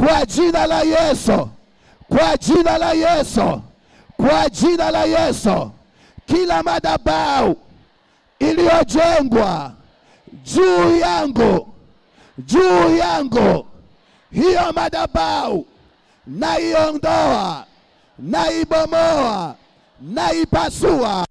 kwa jina la Yesu, kwa jina la Yesu, kwa jina la Yesu, kila madhabahu iliyojengwa juu yangu, juu yangu, hiyo madhabahu naiondoa, naibomoa, naipasua,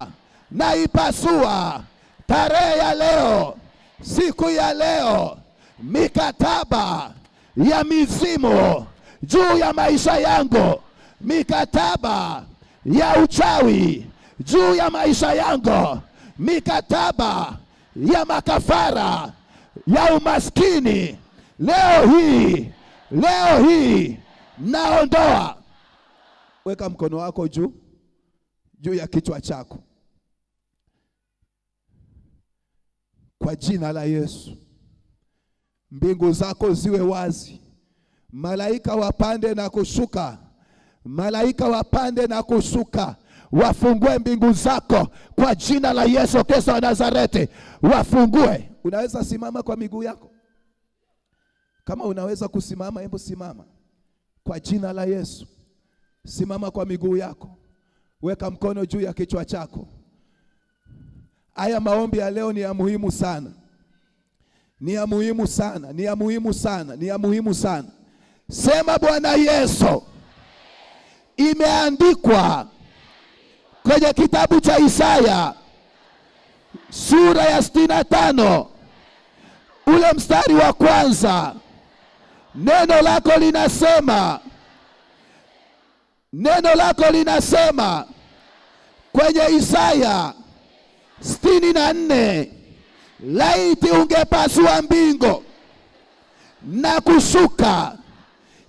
naipasua tarehe ya leo, siku ya leo, mikataba ya mizimu juu ya maisha yangu, mikataba ya uchawi juu ya maisha yangu, mikataba ya makafara ya umaskini, leo hii, leo hii naondoa. Weka mkono wako juu juu ya kichwa chako kwa jina la Yesu mbingu zako ziwe wazi, malaika wapande na kushuka, malaika wapande na kushuka wafungue mbingu zako kwa jina la Yesu Kristo wa Nazareti, wafungue. Unaweza simama kwa miguu yako, kama unaweza kusimama, hebu simama kwa jina la Yesu. Simama kwa miguu yako, weka mkono juu ya kichwa chako. Haya maombi ya leo ni ya muhimu sana ni ya muhimu sana, ni ya muhimu sana, ni ya muhimu sana. Sema Bwana Yesu, imeandikwa kwenye kitabu cha Isaya sura ya sitini na tano ule mstari wa kwanza neno lako linasema, neno lako linasema kwenye Isaya sitini na nne Laiti ungepasua mbingo na kushuka,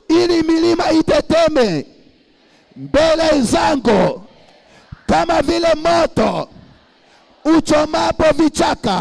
ili milima iteteme mbele zangu, kama vile moto uchomapo vichaka.